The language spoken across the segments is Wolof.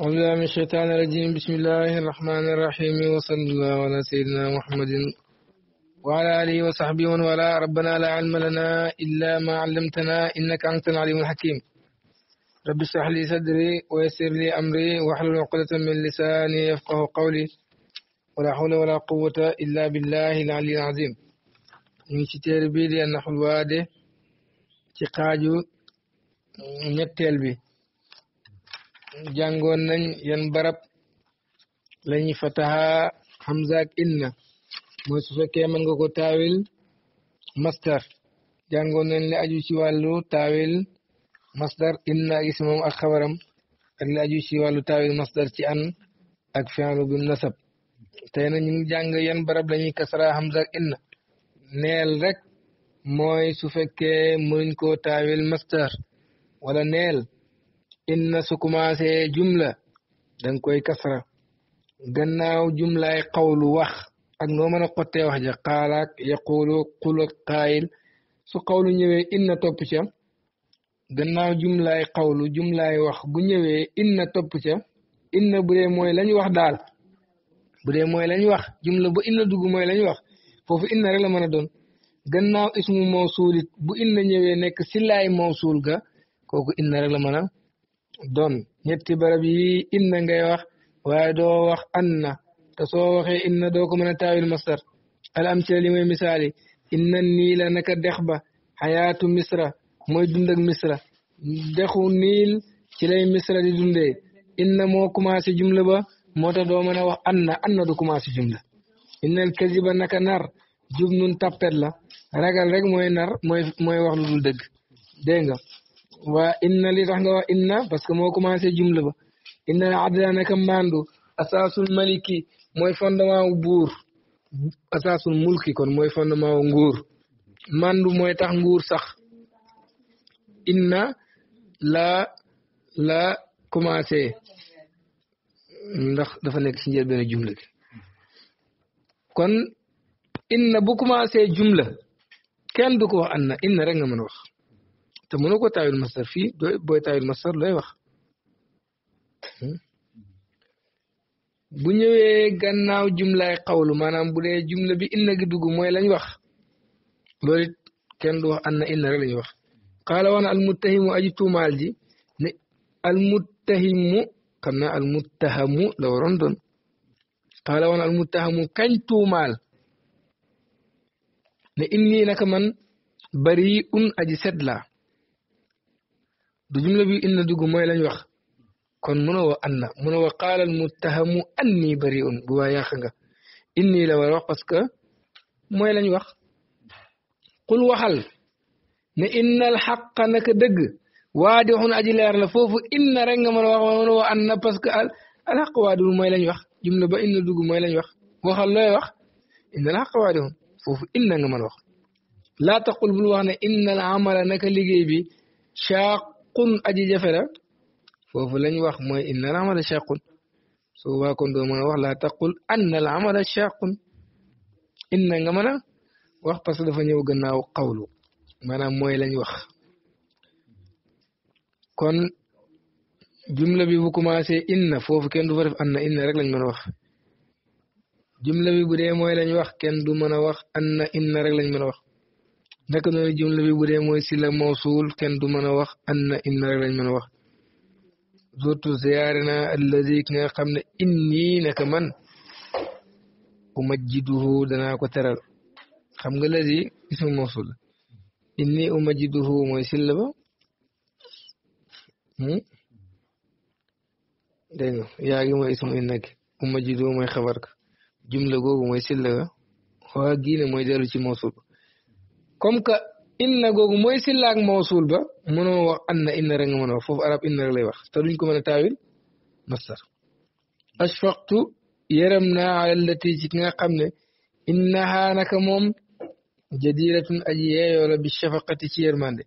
أعوذ بالله من الشيطان الرجيم بسم الله الرحمن الرحيم وصلى الله على سيدنا محمد وعلى آله وصحبه ومن والاه ربنا لا علم لنا إلا ما علمتنا إنك أنت العليم الحكيم رب اشرح لي صدري ويسر لي أمري واحلل عقدة من لساني يفقه قولي ولا حول ولا قوة إلا بالله العلي العظيم من شتير téere bii di an naxul waade jàngoon nañ yan barab la ñuy fataha hamza inna mooy su fekkee mën ko taawil masdar jàngoon nañ la aju ci wàllu taawil masdar inna ak ak xabaram ak la aju ci wàllu taawil masdar ci an ak fi'lu bi nasab tey na ñu jàng yan barab lañuy ñuy kasara hamza ak inna neel rek mooy su fekkee mënuñ koo tawil masdar wala neel inna su commencé jumla dang koy kasra gannaaw jumlaay xawlu wax ak noo mën a wax ja xaalaak yaquulu qul ak su xawlu ñëwee inna topp ca gannaaw jumlaay xawlu jumlaay wax bu ñëwee inna topp ca inna bu dee mooy lañ wax daal bu dee mooy lañ wax jumla bu inna dugg moy lañ wax foofu inna rek la mën a doon gannaaw ismu mawsuulit bu inna ñëwee nekk si laay mawsuul ga kooku inna rek la mën doon ñetti barab yi inna ngay wax waaye doo wax anna te soo waxee inna doo ko mën a taawil masdar al amsila li mooy misaal yi inna niila naka dex ba xayaatu misra mooy dund ak misra dexu niil ci lay misra di dundee inna moo commencé jumla ba moo tax doo mën a wax anna anna du commencé jumla inna al kaziba naka nar jub nun tappet la ragal rek mooy nar mooy mooy wax lu dul dëgg dégg nga waa inna li tax nga wax inna parce que moo commencé jumla ba inna la adda naka mandu asaasul maliki mooy fondement wu buur asaasul mulki kon mooy fondement wu nguur mandu mooy tax nguur sax inna la la commencé ndax dafa nekk ci njël benn jumla bi kon inna bu commencé jumla kenn du ko wax anna inna rek nga mën a wax te mënoo ko taawil masdar fii doo booy taawil masdar looy wax bu ñëwee gannaaw jumlaay xawlu maanaam bu dee jumla bi inna gi dugg mooy lañ wax loolu kenn du wax anna inna rek la wax qaala wana na almuttahimu aji tuumaal ji ne almuttahimu xam naa almuttahamu la waroon doon qaala wana na almuttahamu kañ tuumaal ne inni naka man bari un aji set laa du jumla bi inna dug moy lañ wax kon muno wa anna muno wa al muttahamu anni bari'un bu waa yàq nga inni la war wax parce que moy lañ wax qul waxal ne innal xaqa naka dëgg waadixun aji leer la fofu inna rek nga mën wax muno wa anna parce que al xaq waadixun moy lañ wax jumla ba inna dug moy lañ wax waxal looy wax innal xaq waadixun foofu inna nga mën a wax laa taqul bul wax ne innal amala naka liggéey bi shaaq shaqqun aji jafe la foofu lañ wax mooy inna al amala shaqqun su boobaa kon doo mën a wax laa taqul anna al amala shaqqun inna nga mën a wax parce que dafa ñëw gannaaw qawlu maanaam mooy lañ wax kon jumla bi bu commencé inna foofu kenn du fa def anna inna rek lañ mën a wax jumla bi bu dee mooy lañ wax kenn du mën a wax anna inna rek lañ mën a wax naka noonu jumla bi bu dee mooy si mawsul kenn du mën a wax an na inna rek lañ mën a wax surtout ziyaare na alladi ki nga xam ne inni naka man umajjiduhu danaa ko teral xam nga ladi ismu mawsul inni umajjiduhu mooy silla ba hmm? dégg nga yaa ngi mooy ismu inna gi umajjiduhu mooy xabar ka jumla googu mooy silla ga waa gii ne dellu ci mawsul كم ك إن جوج مويس لاغ موصول با منو أن إن رنغ منو فوف أراب إن رنغ ليوخ تدوين كمان تاويل مصر أشفقت يرمنا على التي جتنا قمنا إنها نكموم جديرة أجيه يولا بالشفقة تي يرماندي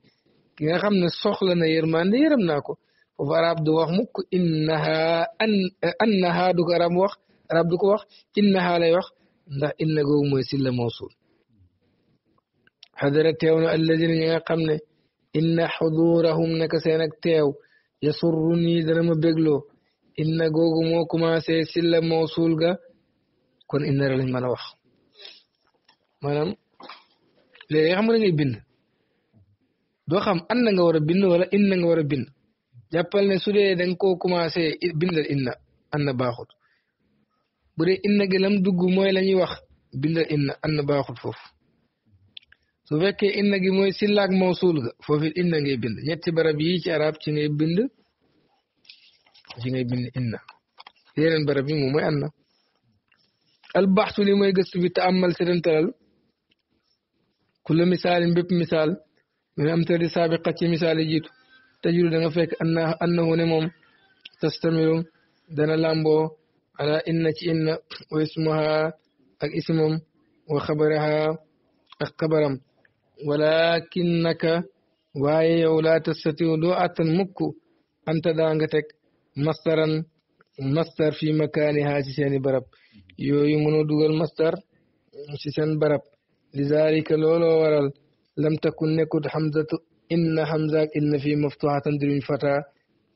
كنا قمنا سخلنا يرماندي يرمناكو فوف أراب دو وخ إنها أن أنها دو عرب وخ عرب دو وخ إنها ليوخ ده إن جوج مويس لاغ موصول حضرت يونو الذين يقمن إن حضورهم نكسينك تيو يسرني درم بغلو إن غوغو موكو ما سيسل موصول غا كون إن رلين مانا وخ مانام لأي خمرا نجي بند دو خم أن نجا ورا بند ولا إن نجا ورا بند جابل نسولي دن كو كما سي بند إن أن باخد بري إن نجي لم دوغو موي لاني وخ بند إن باخد فوفو su fekkee inna gi mooy sillaak mawsul ga foofu inna ngay bind ñetti barab yi ci arab ci ngay bind ci ngay bind inna yeneen barab yi moom mooy anna albaxtu li mooy gëstu bi taamal setantalal kulla misaalin bépp misaal min am tari saabiqa ci misaal yi jiitu tajuru da nga fekk anna annahu ne moom tastamiru dana làmboo ala inna ci inna wa ismuha ak ismam wa xabaraha ak xabaram ولكنك واي ولا تستطيع دعوة مك أنت دانغتك مصدرا مصدر في مكانها سيسان برب يوي منو دوغل مصدر سيسان برب لذلك لولو ورل لم تكن نكد حمزة إن حمزة إن في مفتوحة درين فتا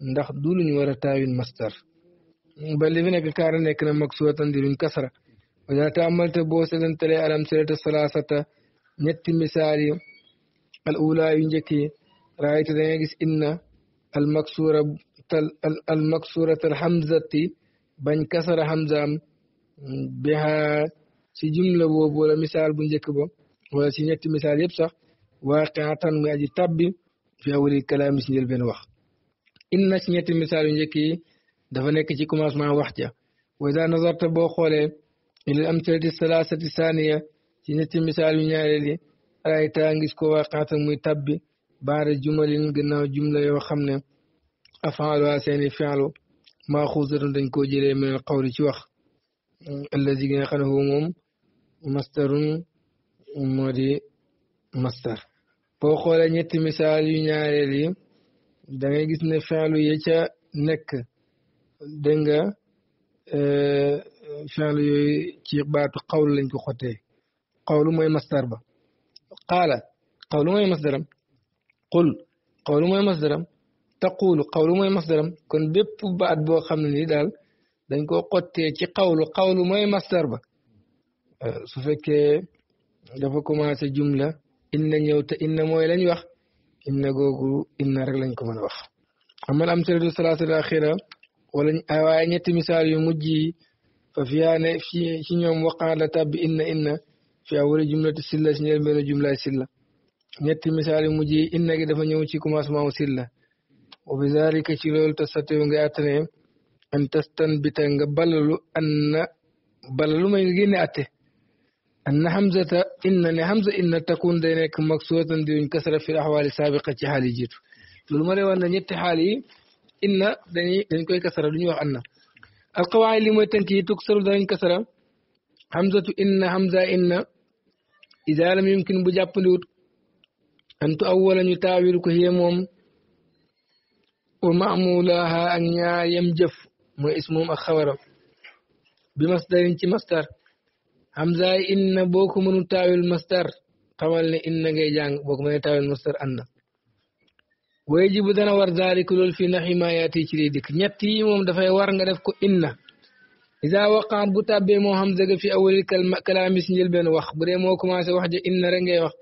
ndax du luñ war a taawin mastar ba li fi nekk kaara nekk na mag suwatandi luñ kasara wajaa taamal te boo seetantalee alam sereeta salaasata نتي مثالي الأولى ينجكي رأيت ذيكس إن المكسورة تل المكسورة الحمزة بن كسر حمزة بها سي جملة بوب ولا مثال بنجك بوب ولا سي نتي مثال يبصح واقعة ميجي تبي في أول الكلام سنجل بين وقت إن سنيت المثال ينجكي دفا نيك سي كوماس وإذا نظرت بو إلى الأمثلة الثلاثة الثانية ci ñetti misaal yu ñaareel yi raayta ngis ko waaqaata muy tabbi baada jumalin gannaaw jumla yoo xam ne afaalu seeni fialu maa xuusatun dañ koo jëlee minal qawli ci wax allazi gi nga xam ne foofu moom mastarun moo di mastar boo xoolee ñetti misaal yu ñaareel yi da gis ne fialu ya ca nekk dégg nga eh, fialu yooyu ci baatu xawl lañ ko xotee qawlu mooy masdar ba qaala qawlu mooy masdaram qul qawlu mooy masdaram taqulu qawlu mooy masdaram kon bépp baat boo xam ne ni daal dañ koo xottee ci qawlu qawlu mooy masdar ba su fekkee dafa commencé jumla inna ñëw te inna mooy lañ wax inna googu inna rek lañ ko mën a wax amal am sëradu salaatul axira wala waaye ñetti misaal yu mujj yi fa fiyaa ne ci ñoom waqaan la tàbbi inna inna fi awwali jumlati silla si ñeel mbeelu jumlaay silla ñetti misaal yu mujj yi inna gi dafa ñëw ci commencement wu silla wa bi zalika ci loolu tastatiw nga attane an tastanbita nga balalu an na balalu may nga génne atte an na hamzata inna ne hamza inna takun day nekk maksuuratan diwuñ kasara fi axwaali saabiqa ci xaal yi jiitu loolu ma rewoon na ñetti xaal yi inna dañuy dañ koy kasara duñuy wax anna alqawaay li mooy tënk yi tuksaru dañ kasara hamzatu inna hamza inna إذا لم يمكن بجابلوت أن تؤول أن يتاويل كهيموم ومعمولها أن يمجف مو اسمهم أخبر بمصدر انت مصدر همزة إن بوكو من تاويل مصدر قمال إن جاي جانج بوكو من تاويل مصدر أنا ويجب دنا ور ذلك لول في نحي ما ياتي تشري ديك نياتي موم دا فاي وار نغا ديف كو إنّا isa waqaat bu tàbbee moo hamza ga fi awalil kalaami si njëlbeen wax bu dee moo commencé wax ja inna rek ngay wax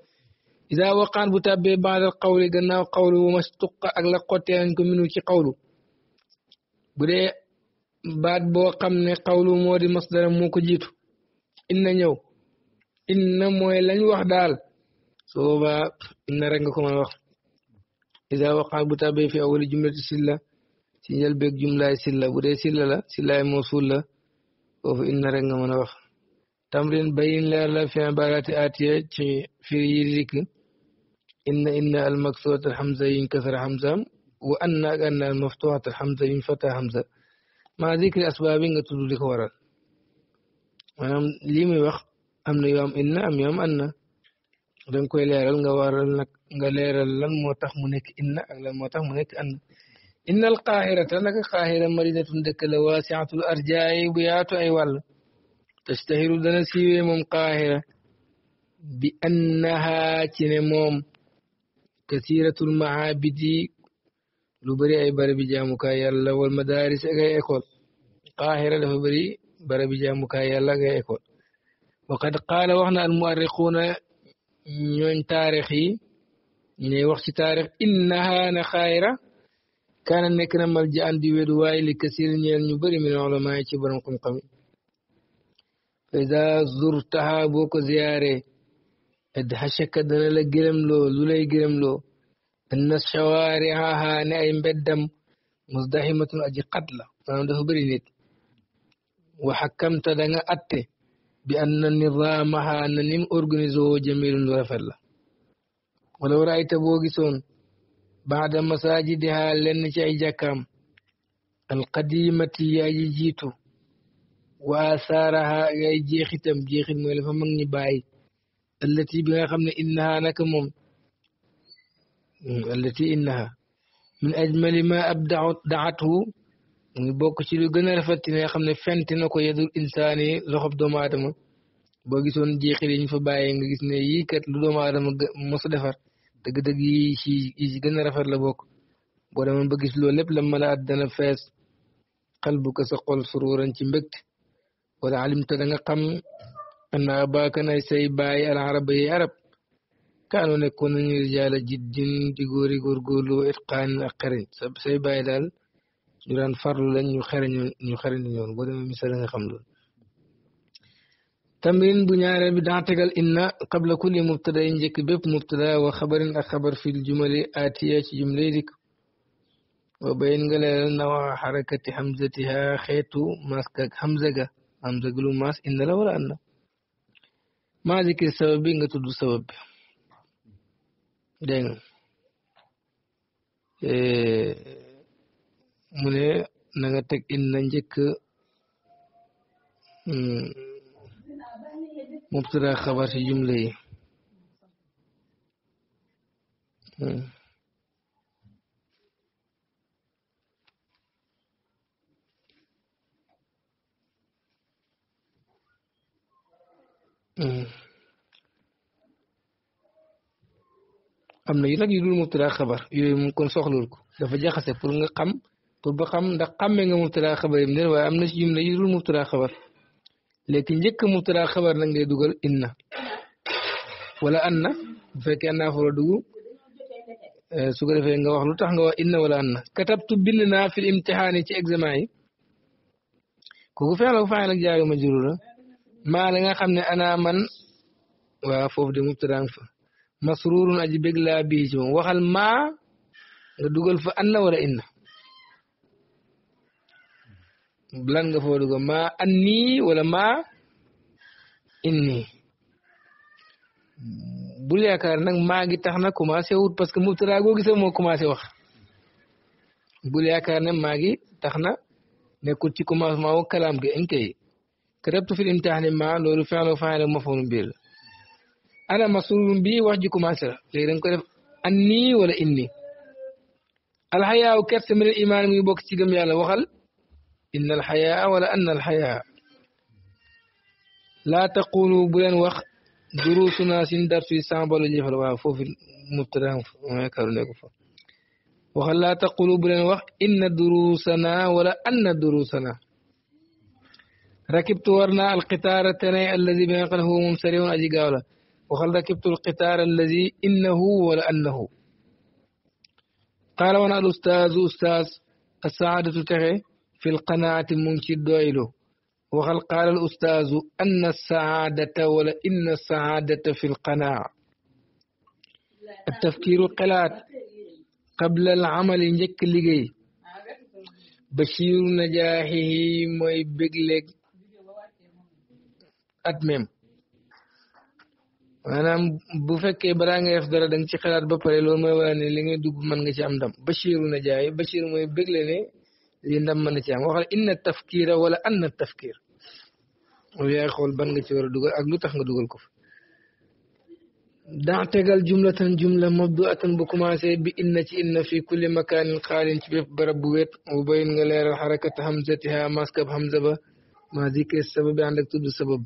isa waqaat bu tàbbee baadal qawli gannaaw qawlu bu mastuqa ak la xottee nañ ko minu ci qawlu bu dee baat boo xam ne qawlu moo di masdara moo ko jiitu inna ñëw inna mooy lañ wax daal su boobaa inna rek nga ko mën a wax isa waqaat bu tàbbee fi awali jumlati silla si njëlbeeg jumlaay silla bu dee silla la sillaay mawsul la foofu inna rek nga mën a wax tamrin bayin leer la fi ibarati atiya ci firi yi dikk inna inna al maksurat al hamza yin kasara hamza wa anna ak anna al maftuhat al hamza yin fata hamza maa zikri asbaabi nga tudd li ko waral maanaam lii muy wax am na yoo am inna am yoo am anna danga koy leeral nga waral nag nga leeral lan moo tax mu nekk inna ak lan moo tax mu nekk anna إن القاهرة لك قاهرة مريضة دك واسعة الأرجاء بيات أيوال تشتهر دنسي من قاهرة بأنها كنموم كثيرة المعابد لبري أي بربي جامك يا الله والمدارس أي إكول قاهرة لبري بربي جامك يا الله أي إكول وقد قال وحنا المؤرخون من تاريخي من وقت تاريخ إنها نخائرة kaana nekk na mal ji andi wéedu waaye li kasir ñeel ñu bëri min ulama ci borom xam-xam faida zurtaha boo ko ziyaare adhashaka dana la gërëm loo lu lay gërëm loo anna shawaariha ne ay mbeddam musdahimatun aji xat la dafa bëri nit wa xakamta da nga atte bi anna nidaamaha na nim organisé woo jamilun lu rafet la بعد مساجدها لن شاي جاكام القديمة ياي جيتو وآثارها ياي جيختم جيخن مولفة مغني باي التي بها خمنا إنها نكمم التي إنها من أجمل ما أبدعته من بوك شي لو غنا رفتي نيا خمنا فنت نكو يدو إنساني لخب دوم آدم بوكي سون جيخي لين فباي نغيس نيا يكت لدوم آدم مصدفر deug deug yi ci yi ci gëna a rafet la bok bo dama ba gis loolu lépp la mala at dana fees xal bu sa xol sururan ci mbekt wala alim te da nga xam anna baaka nay say bàyyi al arabiy arab kanu ne ko ñu jala jiddin di gori gor golu itqaanin ak sab say bàyyi dal ñu daan farlu lañ ñu xereñ ñu xereñ ñoon bo dama misal nga xam lool تمرين بنيارة بدعتك إن قبل كل مبتدا ينجك بيب مبتدا وخبر أخبر في الجملة آتية جملة ذك وبين قال نوع حركة حمزتها خيتو ماسك حمزة حمزة قلو ماس إن لا ولا أنا ما ذيك السبب إن تدو سبب دين إيه من نغتك إن ننجك مبتدا خبر ci jumla yi am na yi nag yu dul mubtada xabar yooyu moom kon soxlul ko dafa jaxase pour nga xam pour ba xam ndax xàmmee nga mubtada xabar yim ne waaye am na ci jumla yi dul mubtada xabar لكن جك مترا خبر نعند دوغل إننا ولا أننا فك أننا فردو آه، سكر في إنغوا خلوت إنغوا إننا ولا أننا كتبت بيننا في الامتحان إيش إجزماي كوكو فعلا فعلا جاي مجرورة ما لنا خمن أنا من وفوف دي مترا فا مسرور أجيب لا بيجو وخل ما دوغل فأنا ولا إننا lan ga foo dugal maa annii wala maa innii bul yaakaar nag maa gi tax na commencé wut parce que mubtada goo gisa moo commencé wax bul yaakaar ne maa ngi tax na nekkul ci commencement wu kalaam gi añ kay karabtu fil imtixaani maa loolu fin lo fin la mafoonu biir ana masulum bi wax ji commencé la léegi da ko def annii wala inni alxayaaw kerte min al imaan muy bokk ci gëm إن الحياء wala أن الحياء laa taqulu bu leen wax durusuna sin darsuy sambalo jëfal waaw foofu mubtada karu nekku fa waxal laa taqulu bu leen wax inna durusana wala anna durusana rakibtu war naa alqitaara tenay allazi bi nga xam ne huwa moom sariun aji gaaw la waxal rakibtu alqitaara allazi innahu wala annahu qaala wana al ustaazu ustaaz assaadatu texe في القناعة منك دويلو وقد قال الأستاذ أن السعادة ولا إن السعادة في القناعة التفكير القلات قبل العمل نجك لغي بشير نجاحه موي بيغلك أتمم maanaam bu fekkee balaa ngay def dara da nga ci xalaat ba pare loolu mooy wane ne li ngay dugg mën nga ci am ndam Bachir na jaay Bachir mooy bégle ne yi ndam mën na ci am waxal inna tafkiira wala anna tafkiir yaay xool ban nga ci war a dugal ak lu tax nga dugal ko fa daa tegal jumlatan jumla mabduatan bu commencé bi inna ci inna fi kulli makaanin xaalin ci bépp barab bu wet bu bayin nga leeral xarakat hamzatiha maskab hamza ba ma zikri sabab ànd ak tudd sabab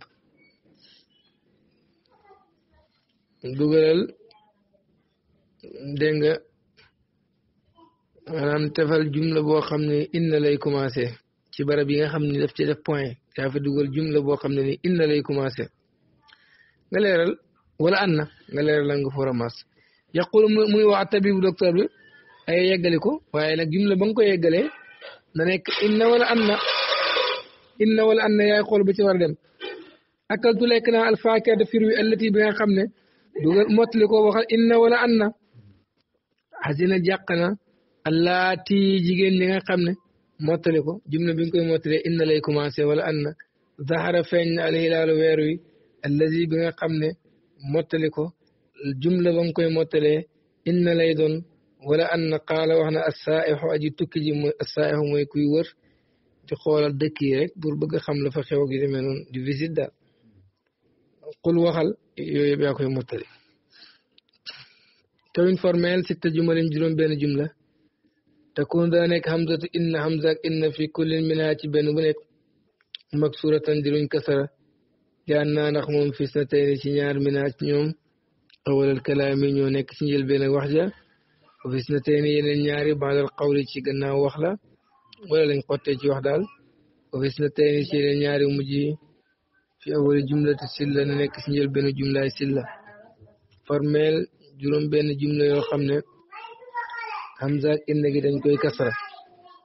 dugalal dégg nga manam tefal jumla bo xamni inna lay commencé ci barab yi nga xamni daf ci def point da fa duggal jumla bo xamni ni inna lay commencé nga leral wala anna nga leral nga fo ramas yaqul muy wa tabib docteur bi ay yegaliko waye nak jumla bang ko yegale na nek inna wala anna inna wala anna ya yaqul ba ci war a dem akaltu lekk al alfaakata firwi allati bi nga xamne duggal motliko waxal inna wala anna hazina jaqna allaati jigéen ñi nga xam ne mottali ko jumla bi nga koy mottalee inna lay commencé wala anna zahara feeñ na alhilaalu weer wi allazi bi nga xam ne mottali ko jumla ba nga koy mottalee inna lay doon wala anna qaala wax na assaa'ixu aji tukki ji mooy assaa'ixu mooy kuy wër di xoolal dëkk yi rek pour bëgg xam la fa xew gi demee noonu di visite daal qul waxal yooyu yëpp yaa koy mottali. kawin formel sitta jumalin juróom benn jumla تكون ذلك همزة إن همزة إن في كل من هاتي بن بنك مكسورة دلو انكسر لأننا نخمون في سنتين سنيار من يوم أول الكلام يونيك سنجل بين وحجة وفي سنتين ينياري بعد القول تشيقنا وخلا ولا لنقطة وحدال وفي سنتين ينياري مجي في أول جملة السلة نيك سنجل بين جملة السلة فرميل جرم بين جملة يوخمنك hamza in inna gidan dañ kasar kasara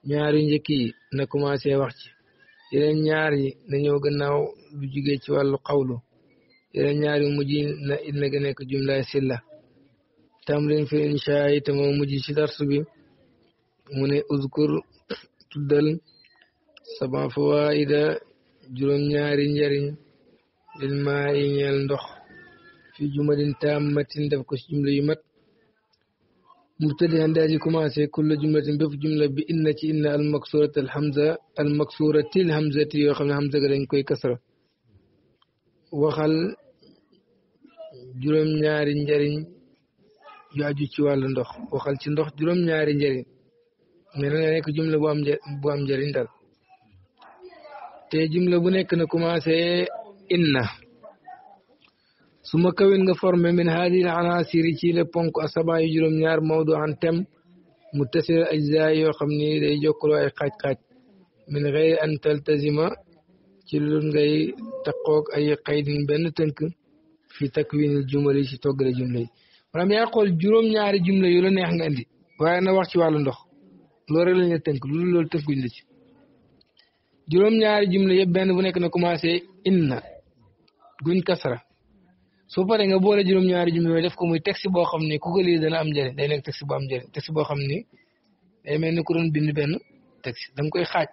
ñaari na kuma wax ci idan nyari na yau gannaaw lu jugee ci wàllu xawlu yeneen nyari yu mujj na inna gi nekk jumla silla tamrin fi insha yi te moo mujj ci darsu bi Mune uzkur tudal saban fawaida jurum ñaari njariñ lil maa yi ñeel ndox fi jumalin tammatin daf ko jumla yu mat mubtada daa ji commencé kulla jumlatin bépp jumla bi inna ci inna al maksurati al hamza al maksurati al hamzati yoo xam ne hamza ga dañ koy kasra waxal juróom-ñaari njariñ yu aju ci wàllu ndox waxal ci ndox juróom-ñaari njariñ mais na nekk jumla bu am bu am njariñ daal te jumla bu nekk na commencé inna su ma kawin nga formé min haadil anaasiri ci le ponk asaba yu juróom-ñaar mawdu an tem mu tasil ajza yoo xam ni day jokkaloo ay xaaj-xaaj min xëyri an taltazima ci lu ngay taqoog ay xaydin benn tënk fi takwinil jumali ci toggale jumla yi maanaam yaa xool juróom-ñaari jumla yu la neex nga indi waaye na wax ci wàllu ndox loolu rek lañ la tënk lool loolu tënkuñ la ci juróom-ñaari jumla yëpp benn bu nekk na commencé inna guñ kasara su paree nga boole juróom-ñaari jumla yooyu def ko muy texte boo xam ne ku ko lii dana am njëriñ day nekk texte bu am boo xam ne mel ni ku doon bind benn texte da nga koy xaaj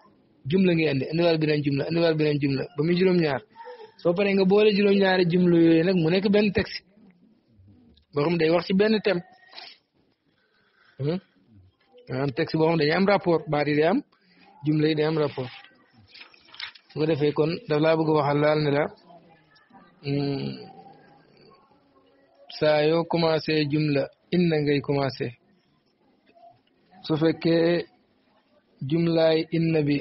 jumla ngay indi indiwaal beneen jumla indiwaal beneen jumla ba muy juróom-ñaar soo paree nga boole juróom-ñaari jumla yooyu nag mu nekk benn texte boo xam day wax ci benn thème hmm? maanaam texte boo xam dañuy am rapport baat yi day am jumla yi day am rapport su ko defee kon daf laa bëgg a waxal laal ne la. Hmm, saa yoo commencé jumla inna ngay commencé su fekkee jumlaay inna bi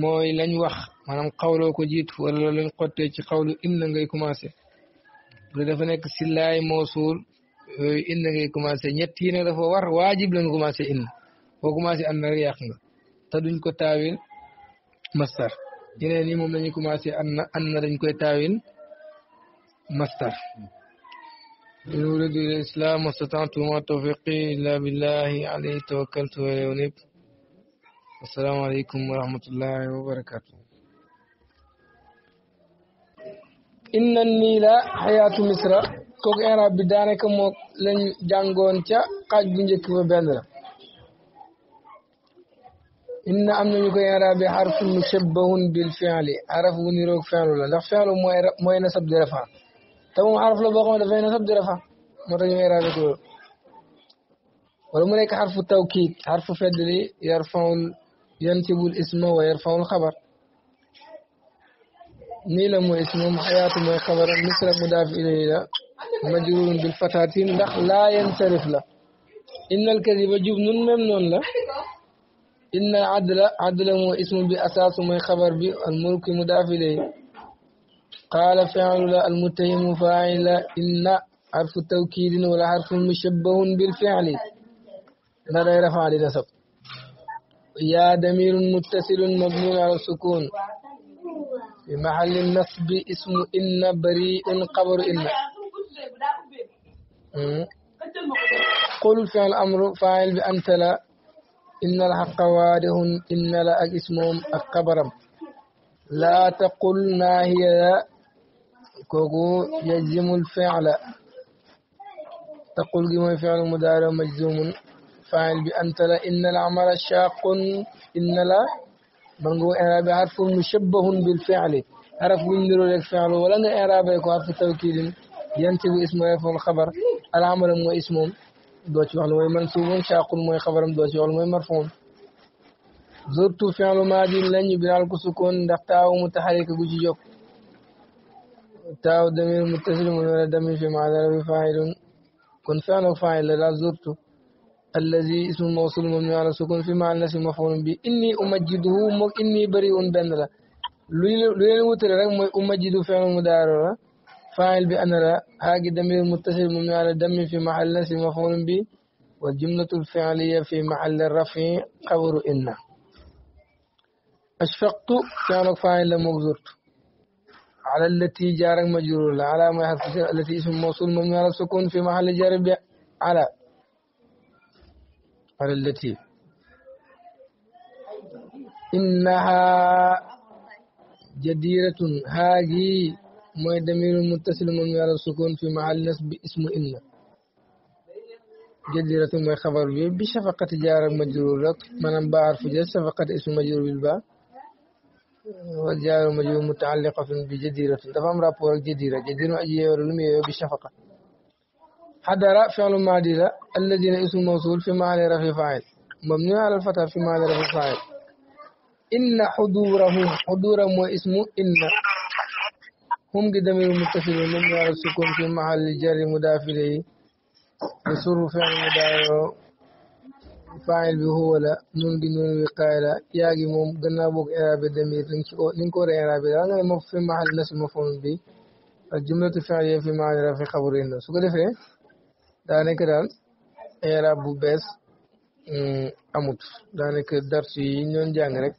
mooy lañ wax maanaam xawloo ko jiitu wala lañ xottee ci xawlu inna ngay commencé bu dafa nekk si laay moosuul yooyu inna ngay commencé ñett yi nag dafa war waajib lañ commencé inna boo commencé ànd rek yàq nga te duñ ko taawil mastar yeneen yi moom lañuy commencé ànd ànd dañ koy taawil mastar إن أريد الإسلام واستطعت ما توفيقي إلا بالله عليه توكلت وإليه أنيب السلام عليكم ورحمة الله وبركاته إن النيل حياة مصر kooku irab bi daanaka moo lañ jàngoon ca xaaj bu njëkk ba benn la inna am nañu ko irabe xarfu mushabbahun bil fi'li araf wu niroog fi'lu la ndax fi'lu mooy mooy nasab di rafaan تبو عارف لو بقوم لفين صدر فا مرجع غير هذا كله ولملك حرف التوكيد حرف فدري يرفع ينسب الاسم ويرفع الخبر نيلم اسم حياة ما خبر مثل مدافع إليه لا مجرور بالفتاتين دخ لا ينصرف له إن الكذب جبن ممنون له إن عدل عدل اسم بأساس ما خبر بالملك مدافع إليه قال فعل المتهم فاعل إن حرف توكيد ولا حرف مشبه بالفعل لا غير فاعل نسب يا دمير متصل مبني على السكون في محل النصب اسم إن بريء قبر إن قل فعل أمر فاعل بأنت لا إن الحق واده إن لا اسمهم أكبرم لا تقل ما هي كوكو يجزم الفعل تقول جيم فعل مدارع مجزوم فاعل بأنت لا إن العمل شاق إن لا بنقول إعراب حرف مشبه بالفعل حرف بندر لك فعل ولا إعراب يكون حرف توكيد ينتبه اسمه يفعل الخبر العمل مو اسمه دوتي وعلى وي منصوب شاق مو خبر دوتي وعلى وي مرفوم زرت فعل ماضي لن يبرع الكسكون دقتاو متحرك بجيوك تاو دمير متسلم ولا دم في معذرة فاعل كن فعل فاعل لا زرت الذي اسم موصول ممنوع على سكون في معنى نفس مفعول به اني امجده مك اني بريء بن لا لوي لوي رك امجد فعل مدار فاعل بان لا هاجي دمير متصل ممنوع على دم في محل نفس مفعول به والجمله الفعليه في محل الرفع قبر ان اشفقت فعل فاعل لم زرت على التي جار مجرور على ما التي اسم موصول مبني على السكون في محل جار على على التي إنها جديرة هاجي موي متصل مبني على السكون في محل نصب اسم إن جديرة ما خبر بشفقة جار مجرور لك من بعرف في شفقة اسم مجرور بالباء والجار مجرور متعلقة بجديرة تفهم رابور جديرة جديرة أجي ورلمي بالشفقة حضر فعل ماضي الذين اسم موصول في محل رفع فاعل مبني على الفتح في محل رفع فاعل إن حضورهم حضور واسم إن هم قدمير متصل من على السكون في محل جر مضاف إليه بصرف فعل مدافع فاعل به هو لا نون بي نون بي قائلا ياغي موم غنا بوك اعراب الضمير نينكو نينكو ري اعراب لا غاني مو في محل نصب مفعول بي الجملة الفعلية في معنى رفع خبر إنه سو كده فيه دا نيك دان اعراب بس اموت دا نيك درس نون جانغ رك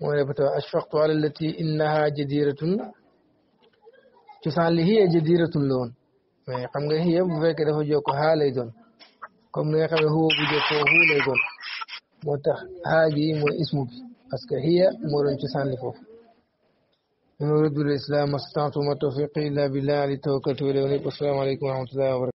مو ريبتو اشفقت على التي انها جديرة تسال هي جديرة لون مي خمغه هي بو فيك دا فجوكو حالي دون comme ni nga xam ne huwa bu jëf foofu lay doon moo tax xaaji yi mooy ismu bi parce que hiya moo doon ci sànni foofu in uridul islam mastata'tu ma tawfiqi illa billah alayhi tawakkaltu wa ilayhi unib assalaamu aleykum wa rahmatullahi wa barakatuh